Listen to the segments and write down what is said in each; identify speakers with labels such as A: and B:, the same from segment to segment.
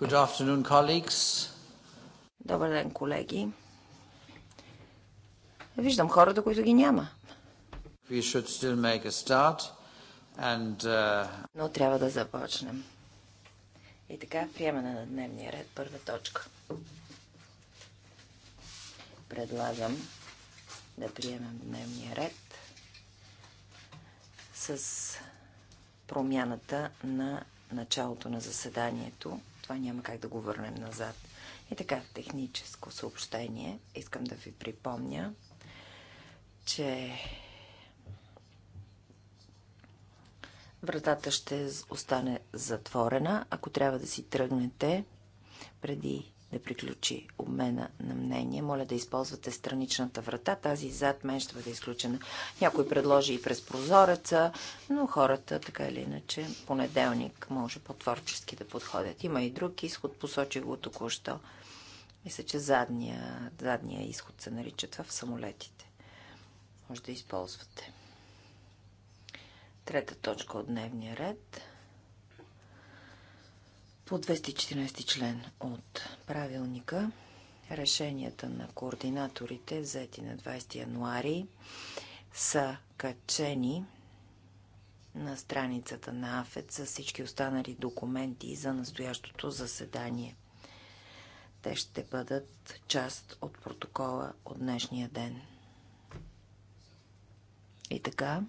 A: Good afternoon, colleagues. Добър
B: ден, колеги. Виждам хората, които ги няма. We should still make a start and, uh... Но трябва да започнем. И така, приемане на дневния ред, първа точка. Предлагам да приемем дневния ред с промяната на началото на заседанието това няма как да го върнем назад. И така, техническо съобщение. Искам да ви припомня, че вратата ще остане затворена. Ако трябва да си тръгнете преди да приключи обмена на мнение. Моля да използвате страничната врата. Тази зад мен ще бъде изключена. Някой предложи и през прозореца, но хората, така или иначе, понеделник може по-творчески да подходят. Има и друг изход, посочи го току-що. Мисля, че задния, задния изход се нарича това в самолетите. Може да използвате. Трета точка от дневния ред – по 214 член от правилника решенията на координаторите, взети на 20 януари, са качени на страницата на АФЕД с всички останали документи за настоящото заседание. Те ще бъдат част от протокола от днешния ден. И така,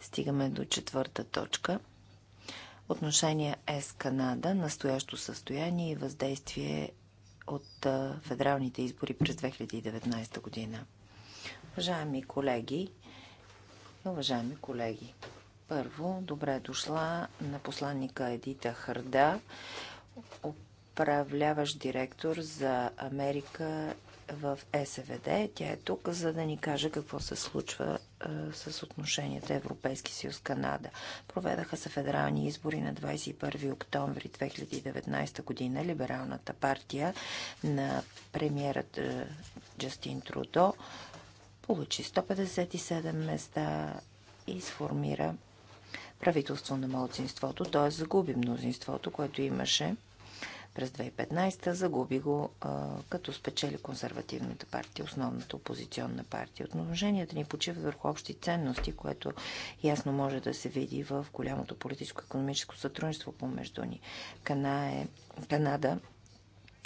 B: стигаме до четвърта точка – Отношения с канада настоящо състояние и въздействие от федералните избори през 2019 година. Уважаеми колеги, уважаеми колеги, първо, добре дошла на посланника Едита Харда, управляващ директор за Америка в СВД. Тя е тук, за да ни каже какво се случва а, е, с отношенията Европейски съюз Канада. Проведаха се федерални избори на 21 октомври 2019 година. Либералната партия на премьерът е, Джастин Трудо получи 157 места и сформира правителство на младсинството, т.е. загуби мнозинството, което имаше през 2015, загуби го а, като спечели консервативната партия, основната опозиционна партия. Отношенията ни почиват върху общи ценности, което ясно може да се види в голямото политическо-економическо сътрудничество помежду ни. Кана е, Канада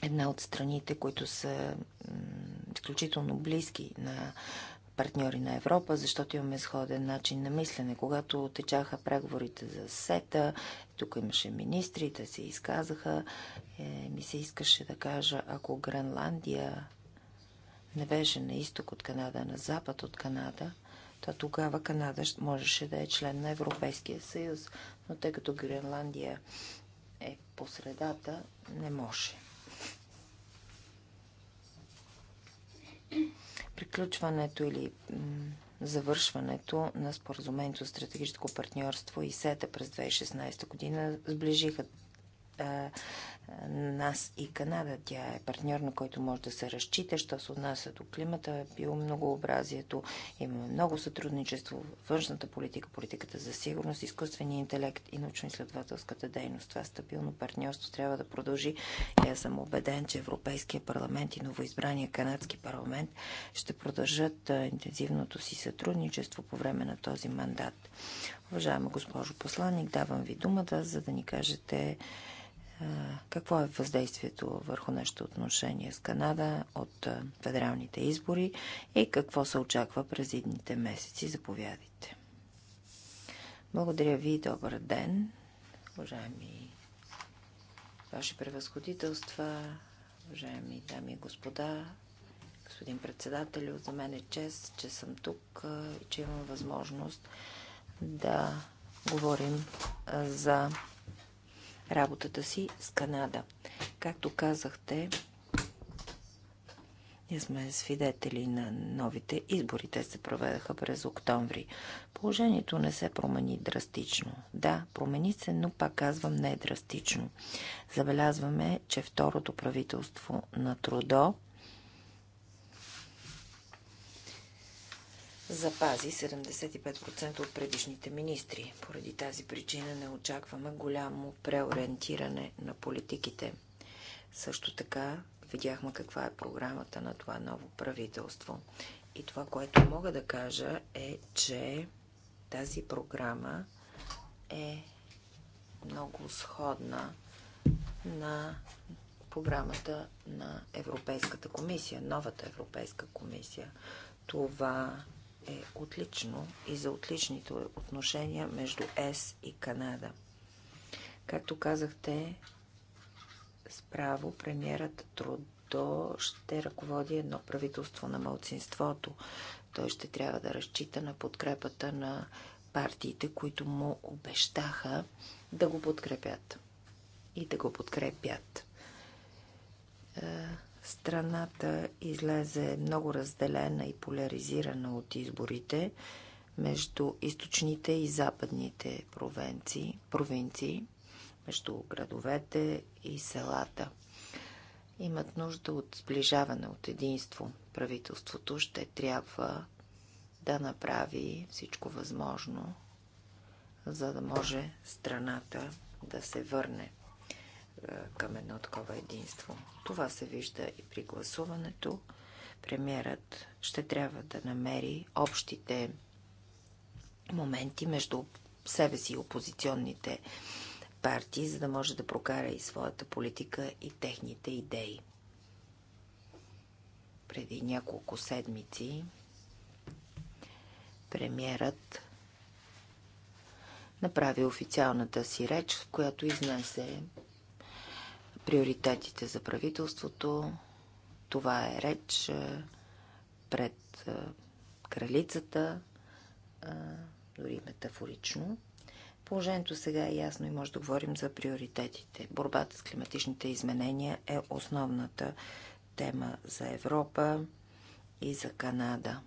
B: една от страните, които са изключително близки на партньори на Европа, защото имаме сходен начин на мислене. Когато течаха преговорите за СЕТА, тук имаше министри, те се изказаха, е, ми се искаше да кажа, ако Гренландия не беше на изток от Канада, на запад от Канада, то тогава Канада можеше да е член на Европейския съюз. Но тъй като Гренландия е по средата, не може приключването или завършването на споразумението за стратегическо партньорство и СЕТА през 2016 година сближиха а, нас и Канада. Тя е партньор, на който може да се разчита, що се отнася до климата, биомногообразието. Имаме много сътрудничество, външната политика, политиката за сигурност, изкуствения интелект и научно-изследователската дейност. Това стабилно партньорство трябва да продължи. И аз съм убеден, че Европейския парламент и новоизбрания Канадски парламент ще продължат интензивното си сътрудничество по време на този мандат. Уважаема госпожо посланник, давам ви думата, за да ни кажете какво е въздействието върху нашите отношения с Канада от федералните избори и какво се очаква през едните месеци. Заповядайте. Благодаря ви. и Добър ден, уважаеми ваши превъзходителства, уважаеми дами и господа, господин председател, За мен е чест, че съм тук и че имам възможност да говорим за работата си с Канада. Както казахте, ние сме свидетели на новите избори. Те се проведаха през октомври. Положението не се промени драстично. Да, промени се, но пак казвам не е драстично. Забелязваме, че второто правителство на Трудо запази 75% от предишните министри. Поради тази причина не очакваме голямо преориентиране на политиките. Също така видяхме каква е програмата на това ново правителство. И това, което мога да кажа е, че тази програма е много сходна на програмата на Европейската комисия, новата Европейска комисия. Това е отлично и за отличните отношения между ЕС и Канада. Както казахте, справо премьерът Трудо ще ръководи едно правителство на мълцинството. Той ще трябва да разчита на подкрепата на партиите, които му обещаха да го подкрепят. И да го подкрепят е, Страната излезе много разделена и поляризирана от изборите между източните и западните провинции, провинции между градовете и селата. Имат нужда от сближаване, от единство. Правителството ще трябва да направи всичко възможно, за да може страната да се върне е, към едно такова единство. Това се вижда и при гласуването. Премьерът ще трябва да намери общите моменти между себе си и опозиционните партии, за да може да прокара и своята политика и техните идеи. Преди няколко седмици премьерът направи официалната си реч, в която изнесе приоритетите за правителството. Това е реч е, пред е, кралицата, е, дори метафорично. Положението сега е ясно и може да говорим за приоритетите. Борбата с климатичните изменения е основната тема за Европа и за Канада.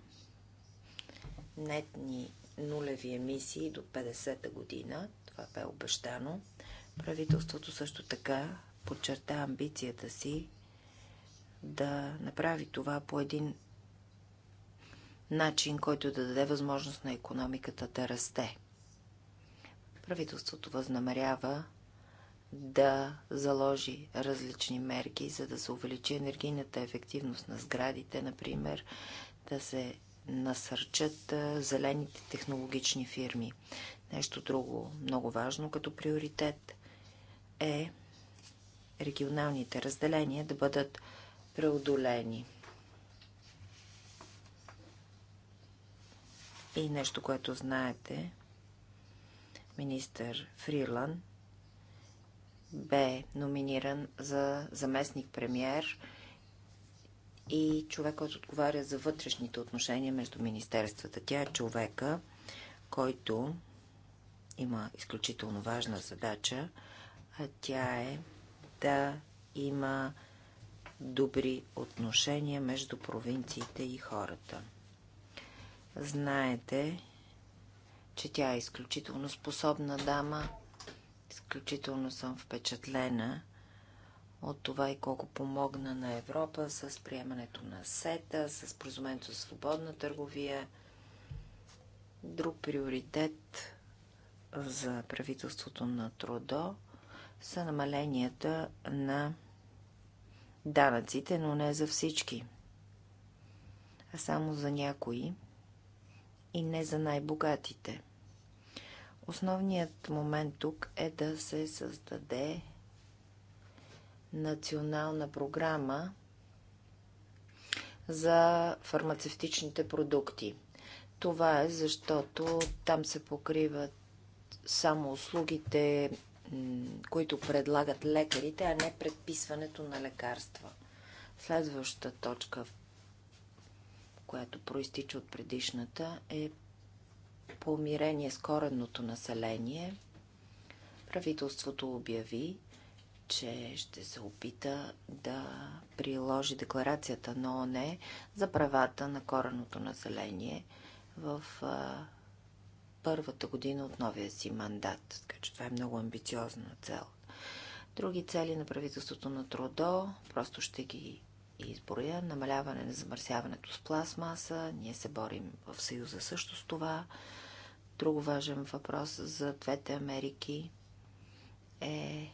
B: Нетни нулеви емисии до 50-та година, това бе обещано. Правителството също така подчерта амбицията си да направи това по един начин, който да даде възможност на економиката да расте. Правителството възнамерява да заложи различни мерки, за да се увеличи енергийната ефективност на сградите, например, да се насърчат зелените технологични фирми. Нещо друго много важно като приоритет е регионалните разделения да бъдат преодолени. И нещо, което знаете, министър Фрилан бе номиниран за заместник-премьер и човек, който отговаря за вътрешните отношения между министерствата. Тя е човека, който има изключително важна задача, а тя е да има добри отношения между провинциите и хората. Знаете, че тя е изключително способна дама. Изключително съм впечатлена от това и колко помогна на Европа с приемането на СЕТА, с прозумението за свободна търговия. Друг приоритет за правителството на Трудо – са намаленията на данъците, но не за всички, а само за някои и не за най-богатите. Основният момент тук е да се създаде национална програма за фармацевтичните продукти. Това е защото там се покриват само услугите които предлагат лекарите, а не предписването на лекарства. Следваща точка, която проистича от предишната, е помирение с коренното население. Правителството обяви, че ще се опита да приложи декларацията на ОНЕ за правата на коренното население в първата година от новия си мандат. Така че това е много амбициозна цел. Други цели на правителството на Трудо, просто ще ги изброя. Намаляване на замърсяването с пластмаса. Ние се борим в Съюза също с това. Друг важен въпрос за двете Америки е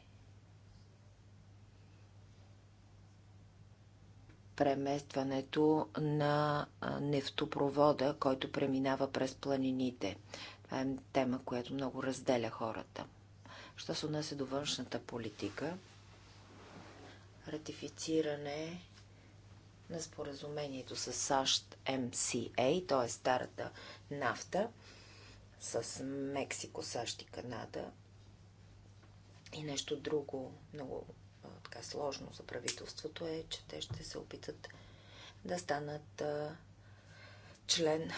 B: преместването на нефтопровода, който преминава през планините е тема, която много разделя хората. Що се отнася до външната политика, ратифициране на споразумението с САЩ МСА, т.е. старата нафта, с Мексико, САЩ и Канада. И нещо друго, много така сложно за правителството е, че те ще се опитат да станат а, член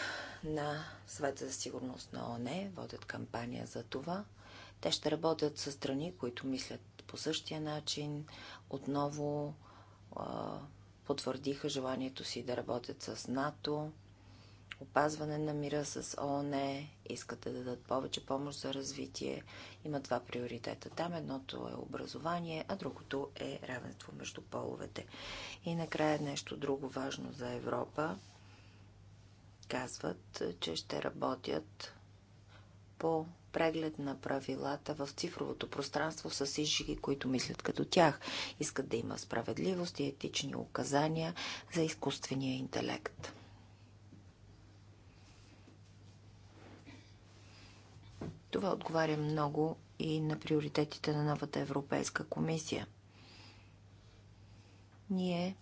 B: на Съвета за сигурност на ОНЕ, водят кампания за това. Те ще работят с страни, които мислят по същия начин. Отново а, потвърдиха желанието си да работят с НАТО, опазване на мира с ООН, искат да дадат повече помощ за развитие. Има два приоритета там. Едното е образование, а другото е равенство между половете. И накрая нещо друго важно за Европа казват, че ще работят по преглед на правилата в цифровото пространство с всички, които мислят като тях. Искат да има справедливост и етични указания за изкуствения интелект. Това отговаря много и на приоритетите на новата Европейска комисия. Ние,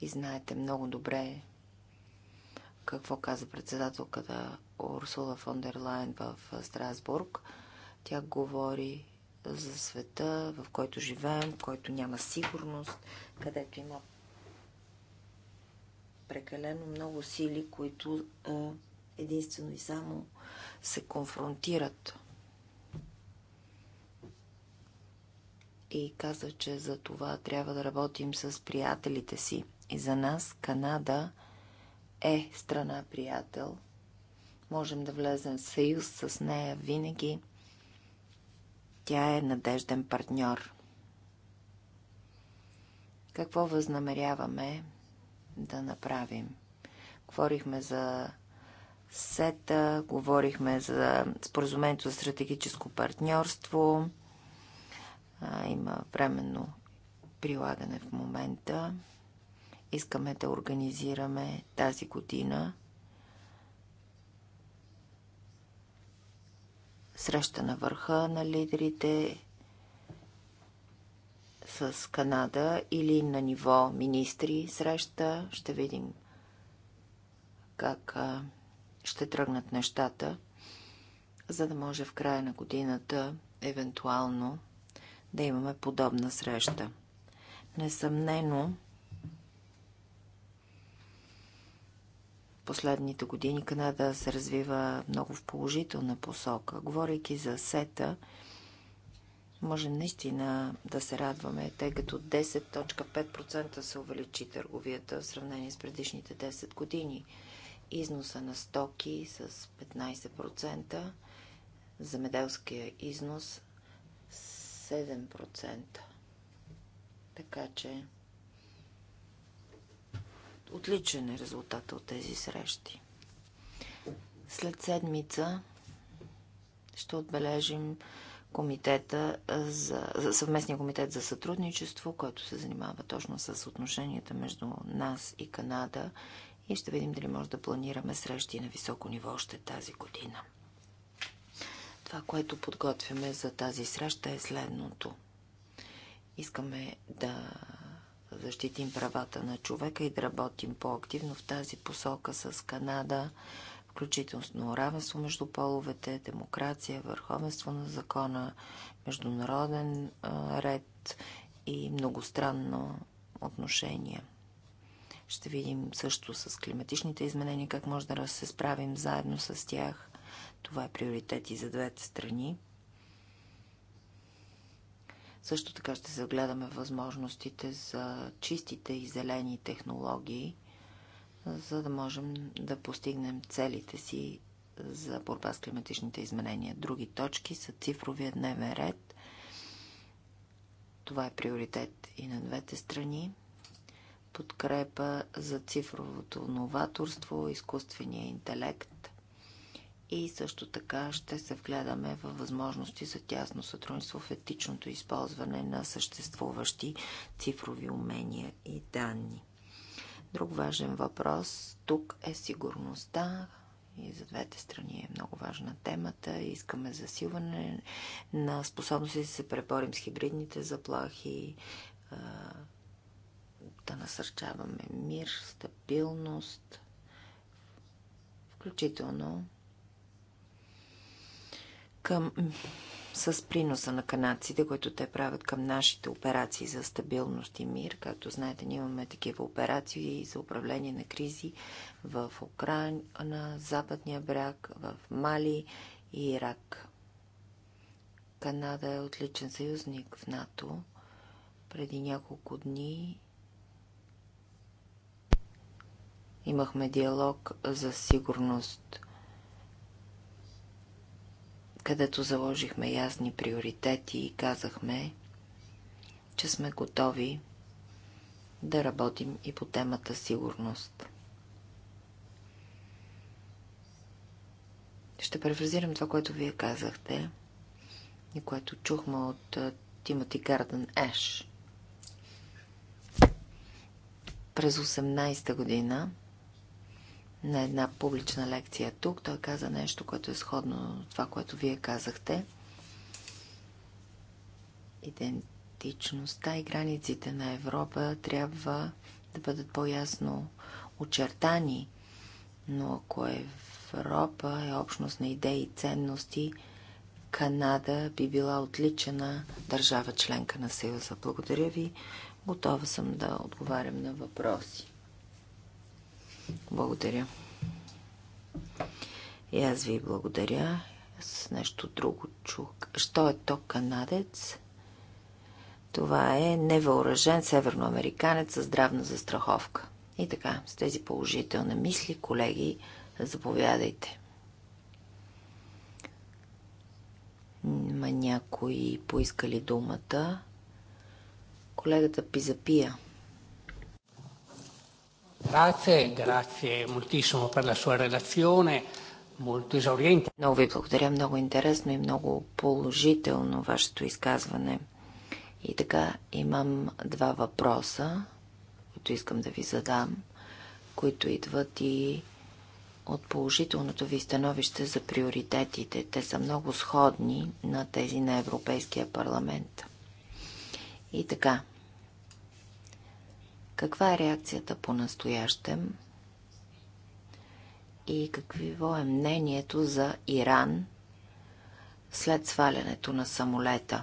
B: и знаете много добре какво каза председателката Урсула фон дер Лайн в Страсбург. Тя говори за света, в който живеем, в който няма сигурност, където има прекалено много сили, които единствено и само се конфронтират. И каза, че за това трябва да работим с приятелите си. И за нас Канада – е страна приятел. Можем да влезем в съюз с нея винаги. Тя е надежден партньор. Какво възнамеряваме да направим? Говорихме за сета, говорихме за споразумението за стратегическо партньорство. Има временно прилагане в момента искаме да организираме тази година среща на върха на лидерите с Канада или на ниво министри среща. Ще видим как ще тръгнат нещата, за да може в края на годината евентуално да имаме подобна среща. Несъмнено, последните години Канада се развива много в положителна посока. Говорейки за сета, може наистина да се радваме, тъй като 10.5% се увеличи търговията в сравнение с предишните 10 години. Износа на стоки с 15%, замеделския износ 7%. Така че Отличен е резултата от тези срещи. След седмица ще отбележим комитета за, за съвместния комитет за сътрудничество, който се занимава точно с отношенията между нас и Канада и ще видим дали може да планираме срещи на високо ниво още тази година. Това, което подготвяме за тази среща е следното. Искаме да да защитим правата на човека и да работим по-активно в тази посока с Канада, включително равенство между половете, демокрация, върховенство на закона, международен ред и многостранно отношение. Ще видим също с климатичните изменения как може да се справим заедно с тях. Това е приоритет и за двете страни. Също така ще загледаме възможностите за чистите и зелени технологии, за да можем да постигнем целите си за борба с климатичните изменения. Други точки са цифровия дневен ред. Това е приоритет и на двете страни. Подкрепа за цифровото новаторство, изкуствения интелект и също така ще се вгледаме във възможности за тясно сътрудничество в етичното използване на съществуващи цифрови умения и данни. Друг важен въпрос тук е сигурността. И за двете страни е много важна темата. Искаме засилване на способности да се преборим с хибридните заплахи, да насърчаваме мир, стабилност, включително към, с приноса на канадците, които те правят към нашите операции за стабилност и мир. Както знаете, ние имаме такива операции за управление на кризи в Украина, Западния бряг, в Мали и Ирак. Канада е отличен съюзник в НАТО. Преди няколко дни имахме диалог за сигурност където заложихме ясни приоритети и казахме, че сме готови да работим и по темата сигурност. Ще префразирам това, което вие казахте и което чухме от Тимати Гарден Еш. През 18-та година на една публична лекция тук. Той каза нещо, което е сходно това, което вие казахте. Идентичността и границите на Европа трябва да бъдат по-ясно очертани, но ако Европа е общност на идеи и ценности, Канада би била отличена държава членка на Съюза. Благодаря ви. Готова съм да отговарям на въпроси. Благодаря. И аз ви благодаря. С нещо друго чух. Що е то канадец? Това е невъоръжен северноамериканец със здравна застраховка. И така, с тези положителни мисли, колеги, заповядайте. Ма някои поискали думата. Колегата Пизапия.
A: Grazie, grazie moltissimo per la sua relazione.
B: Много ви благодаря, много интересно и много положително вашето изказване. И така, имам два въпроса, които искам да ви задам, които идват и от положителното ви становище за приоритетите. Те са много сходни на тези на Европейския парламент. И така, каква е реакцията по настоящем? И какво е мнението за Иран след свалянето на самолета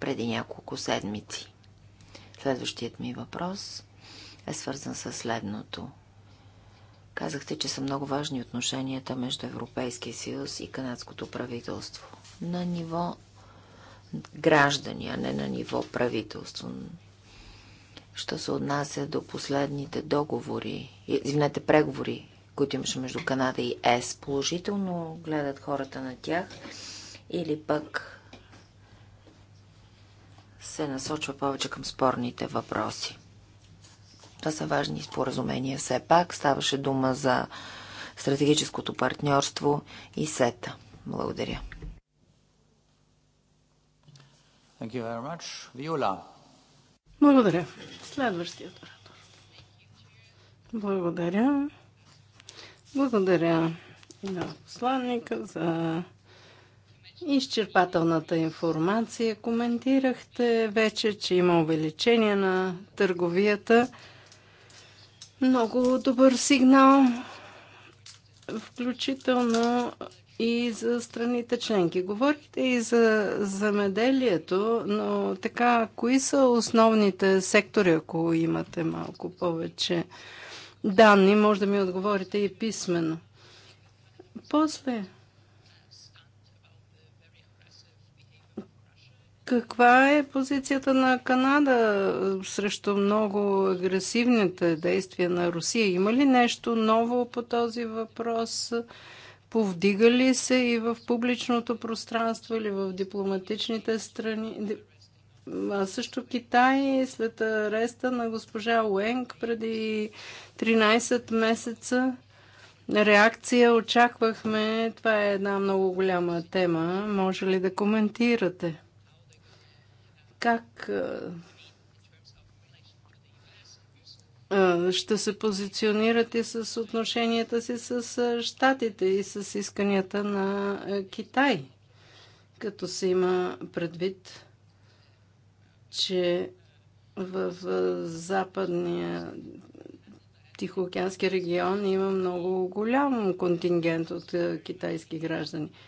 B: преди няколко седмици? Следващият ми въпрос е свързан с следното. Казахте, че са много важни отношенията между Европейския съюз и канадското правителство. На ниво граждани, а не на ниво правителство. Що се отнася до последните договори, извинете, преговори, които имаше между Канада и ЕС, положително гледат хората на тях или пък се насочва повече към спорните въпроси. Това са важни споразумения. Все пак ставаше дума за стратегическото партньорство и сета. Благодаря.
C: Thank you very much. Viola. Благодаря. Следващият оратор.
A: Благодаря. Благодаря и на посланника за изчерпателната информация. Коментирахте вече, че има увеличение на търговията. Много добър сигнал, включително и за страните членки. Говорихте и за замеделието, но така, кои са основните сектори, ако имате малко повече данни, може да ми отговорите и писменно. После, Каква е позицията на Канада срещу много агресивните действия на Русия? Има ли нещо ново по този въпрос? Повдигали се и в публичното пространство или в дипломатичните страни. А също Китай след ареста на госпожа Уенг преди 13 месеца реакция очаквахме. Това е една много голяма тема. Може ли да коментирате? Как е, ще се позиционирате с отношенията си с щатите е, и с исканията на е, Китай, като се има предвид, че в западния Тихоокеански регион има много голям контингент от китайски граждани –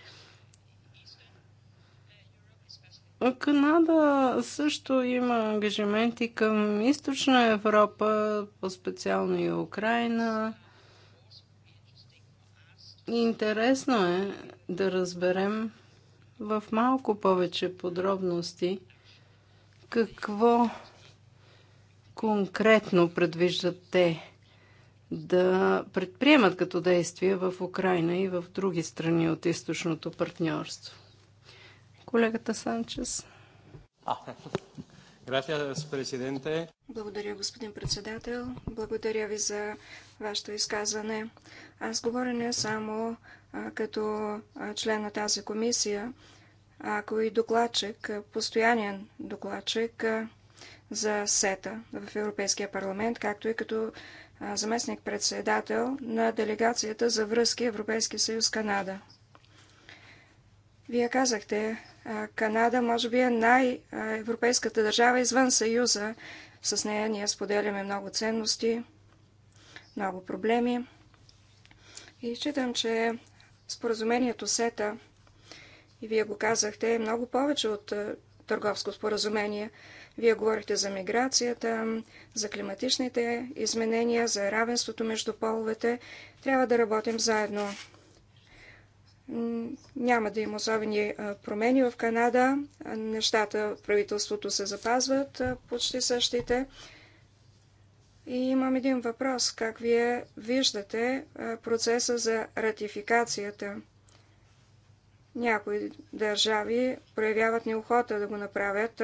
A: Канада също има ангажименти към източна Европа, по-специално и Украина. Интересно е да разберем в малко повече подробности какво конкретно предвиждат те да предприемат като действия в Украина и в други страни от източното партньорство колегата Санчес.
C: Благодаря, господин председател. Благодаря ви за вашето изказване. Аз говоря не само а, като член на тази комисия, ако и докладчик, постоянен докладчик а, за СЕТА в Европейския парламент, както и като заместник-председател на делегацията за връзки Европейски съюз Канада. Вие казахте, Канада може би е най-европейската държава извън Съюза. С нея ние споделяме много ценности, много проблеми. И считам, че споразумението СЕТА, и вие го казахте, е много повече от търговско споразумение. Вие говорихте за миграцията, за климатичните изменения, за равенството между половете. Трябва да работим заедно няма да има особени промени в Канада. Нещата в правителството се запазват почти същите. И имам един въпрос. Как вие виждате процеса за ратификацията? Някои държави проявяват неохота да го направят.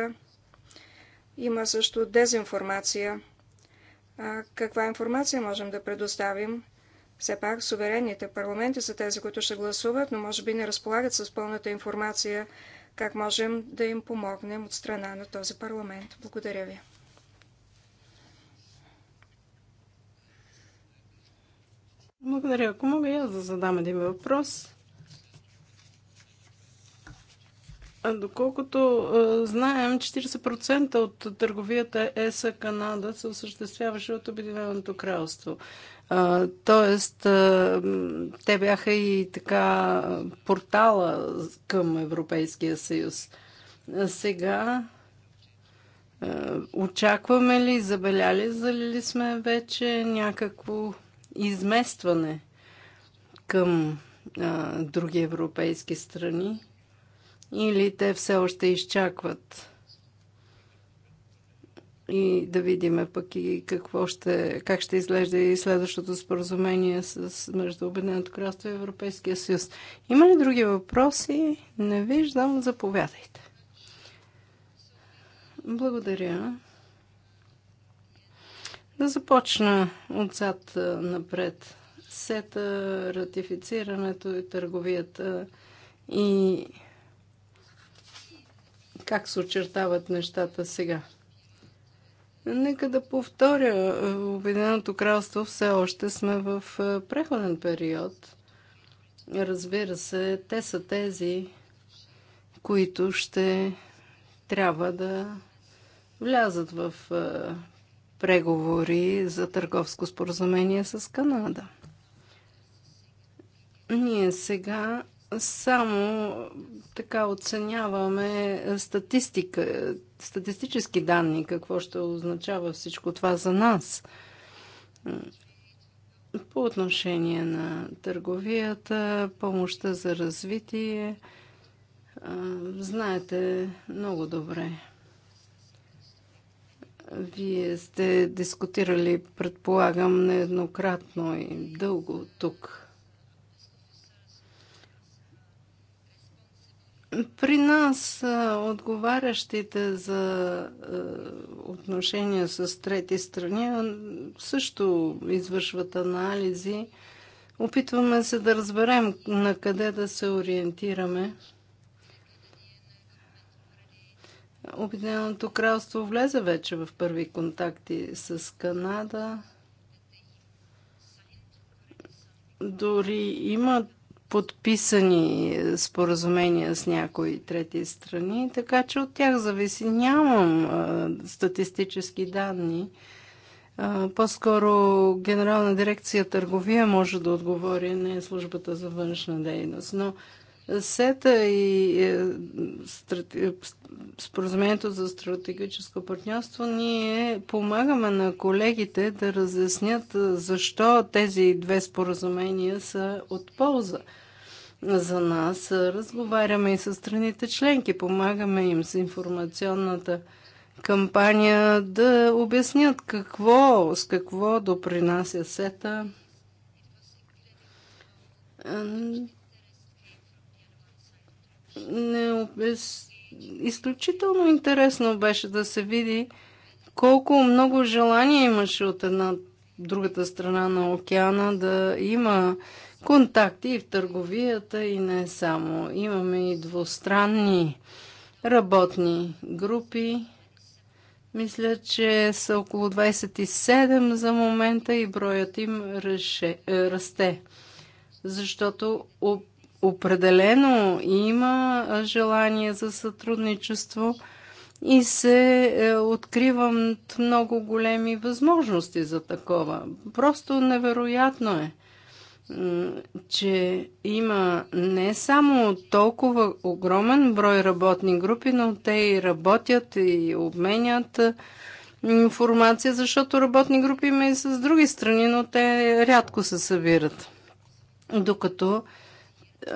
C: Има също дезинформация. Каква информация можем да предоставим? Все пак суверенните парламенти са тези, които ще гласуват, но може би не разполагат с пълната информация как можем да им помогнем от страна на този парламент. Благодаря ви.
A: Благодаря. Ако мога и аз да задам един въпрос. А доколкото а, знаем, 40% от търговията ЕСА Канада се осъществяваше от Обединеното кралство. Тоест, те бяха и така портала към Европейския съюз. Сега очакваме ли, забеляли ли сме вече някакво изместване към а, други европейски страни или те все още изчакват и да видим пък и какво ще, как ще изглежда и следващото споразумение с, между Обединеното кралство и Европейския съюз. Има ли други въпроси? Не виждам. Заповядайте. Благодаря. Да започна отзад напред. Сета, ратифицирането и търговията и как се очертават нещата сега. Нека да повторя, Обединеното кралство все още сме в е, преходен период. Разбира се, те са тези, които ще трябва да влязат в е, преговори за търговско споразумение с Канада. Ние сега само така оценяваме статистика, статистически данни, какво ще означава всичко това за нас. По отношение на търговията, помощта за развитие, знаете много добре. Вие сте дискутирали, предполагам, нееднократно и дълго тук При нас отговарящите за отношения с трети страни също извършват анализи. Опитваме се да разберем на къде да се ориентираме. Обединеното кралство влезе вече в първи контакти с Канада. Дори имат подписани споразумения с някои трети страни, така че от тях зависи. Нямам а, статистически данни. по-скоро Генерална дирекция търговия може да отговори, не е службата за външна дейност. Но СЕТА и е, споразумението за стратегическо партньорство, ние помагаме на колегите да разяснят защо тези две споразумения са от полза за нас. Разговаряме и с страните членки, помагаме им с информационната кампания да обяснят какво, с какво допринася сета. Не обяс... Изключително интересно беше да се види колко много желание имаше от една другата страна на океана да има контакти и в търговията и не само. Имаме и двустранни работни групи. Мисля, че са около 27 за момента и броят им реше, е, расте. Защото определено има желание за сътрудничество и се е, откриват много големи възможности за такова. Просто невероятно е че има не само толкова огромен брой работни групи, но те и работят и обменят е, информация, защото работни групи има и с други страни, но те рядко се събират. Докато е,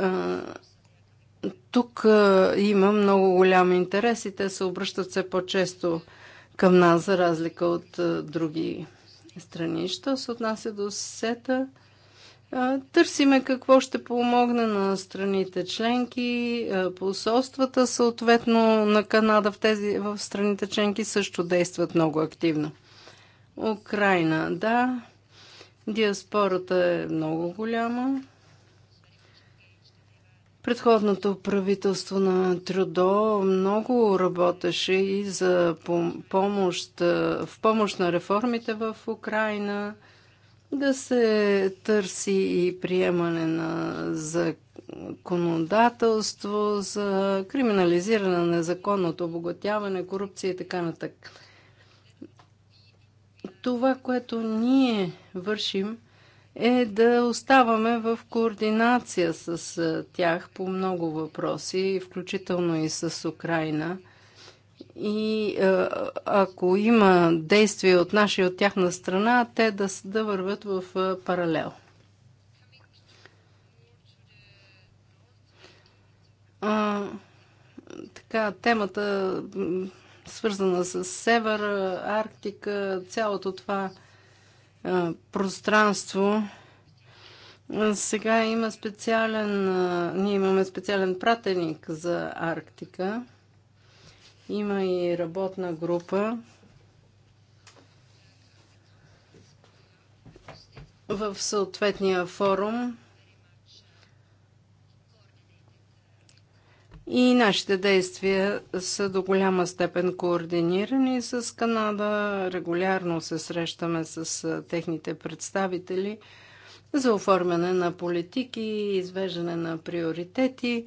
A: тук е, има много голям интерес и те се обръщат все по-често към нас, за разлика от други страни. Що се отнася до сета? Търсиме какво ще помогне на страните членки, посолствата, съответно на Канада в, тези, в страните членки също действат много активно. Украина, да. Диаспората е много голяма. Предходното правителство на Трудо много работеше и за помощ, в помощ на реформите в Украина – да се търси и приемане на законодателство за криминализиране на незаконното обогатяване, корупция и така нататък. Това, което ние вършим, е да оставаме в координация с тях по много въпроси, включително и с Украина – и е, ако има действия от наша и от тяхна страна, те да, да вървят в е, паралел. А, така, темата свързана с Север, е, Арктика, цялото това а, пространство. Сега има специален, а, ние имаме специален пратеник за Арктика. Има и работна група, в съответния форум и нашите действия са до голяма степен координирани с Канада. Регулярно се срещаме с техните представители за оформяне на политики, извеждане на приоритети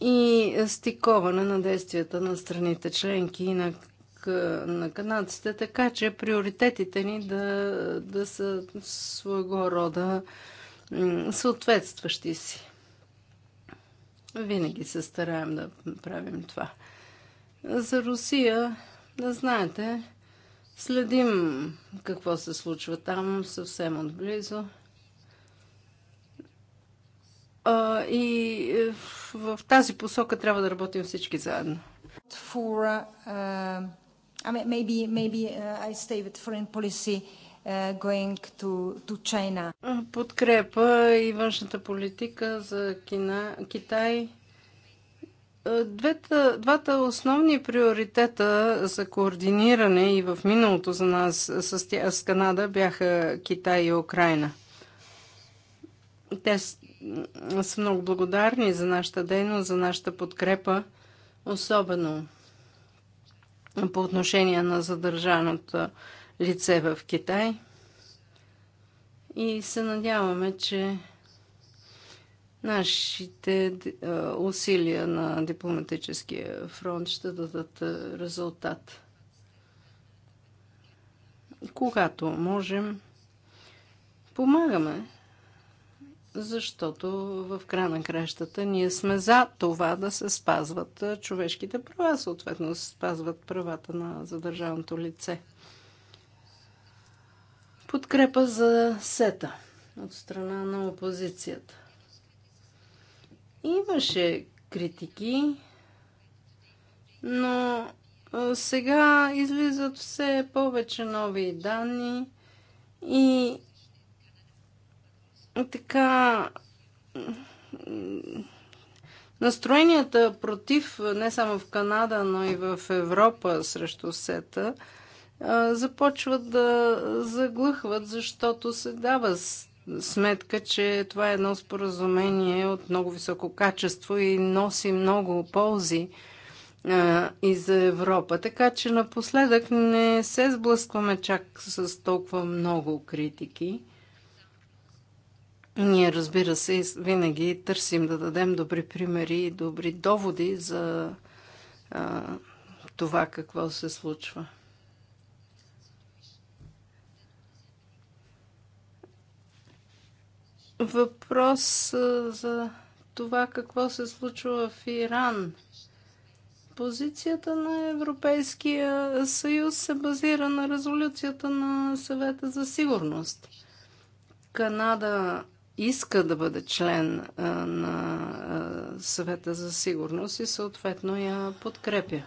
A: и стиковане на действията на страните членки и на, на канадците, така че приоритетите ни да, да са своего рода съответстващи си. Винаги се стараем да правим това. За Русия, да знаете, следим какво се случва там съвсем отблизо. А, и е, в тази посока трябва да работим всички заедно. For,
B: uh, I mean, maybe, maybe uh, I stay with foreign policy. Uh,
A: going to, to China. Подкрепа и външната политика за Кина, Китай. Двете, двата основни приоритета за координиране и в миналото за нас с, с Канада бяха Китай и Украина. Те са много благодарни за нашата дейност, за нашата подкрепа, особено по отношение на задържаното лице в Китай. И се надяваме, че нашите усилия на дипломатическия фронт ще дадат резултат. Когато можем, помагаме защото в края на кращата ние сме за това да се спазват човешките права, съответно се спазват правата на задържаното лице. Подкрепа за сета от страна на опозицията. Имаше критики, но сега излизат все повече нови данни и така настроенията против не само в Канада, но и в Европа срещу сета започват да заглъхват, защото се дава сметка, че това е едно споразумение от много високо качество и носи много ползи и за Европа. Така че напоследък не се сблъскваме чак с толкова много критики. Ние, разбира се, винаги търсим да дадем добри примери и добри доводи за а, това какво се случва. Въпрос за това какво се случва в Иран. Позицията на Европейския съюз се базира на резолюцията на съвета за сигурност. Канада иска да бъде член на съвета за сигурност и съответно я подкрепя.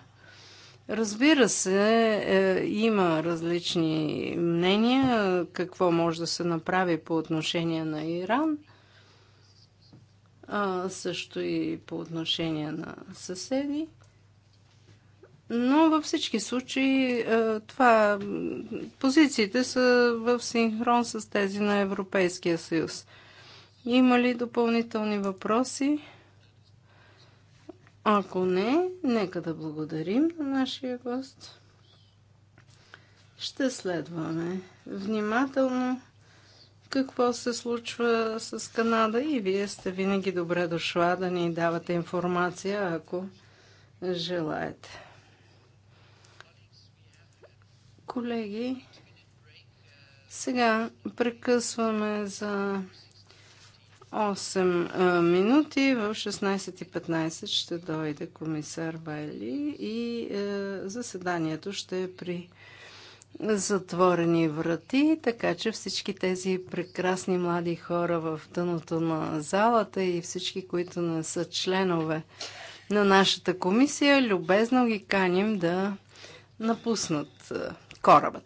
A: Разбира се, е, има различни мнения какво може да се направи по отношение на Иран, а също и по отношение на съседи. Но във всички случаи е, това, позициите са в синхрон с тези на Европейския съюз. Има ли допълнителни въпроси? Ако не, нека да благодарим на нашия гост. Ще следваме внимателно какво се случва с Канада и вие сте винаги добре дошла да ни давате информация, ако желаете. Колеги, сега прекъсваме за 8 минути. В 16.15 ще дойде комисар Байли и заседанието ще е при затворени врати, така че всички тези прекрасни млади хора в дъното на залата и всички, които не са членове на нашата комисия, любезно ги каним да напуснат кораба.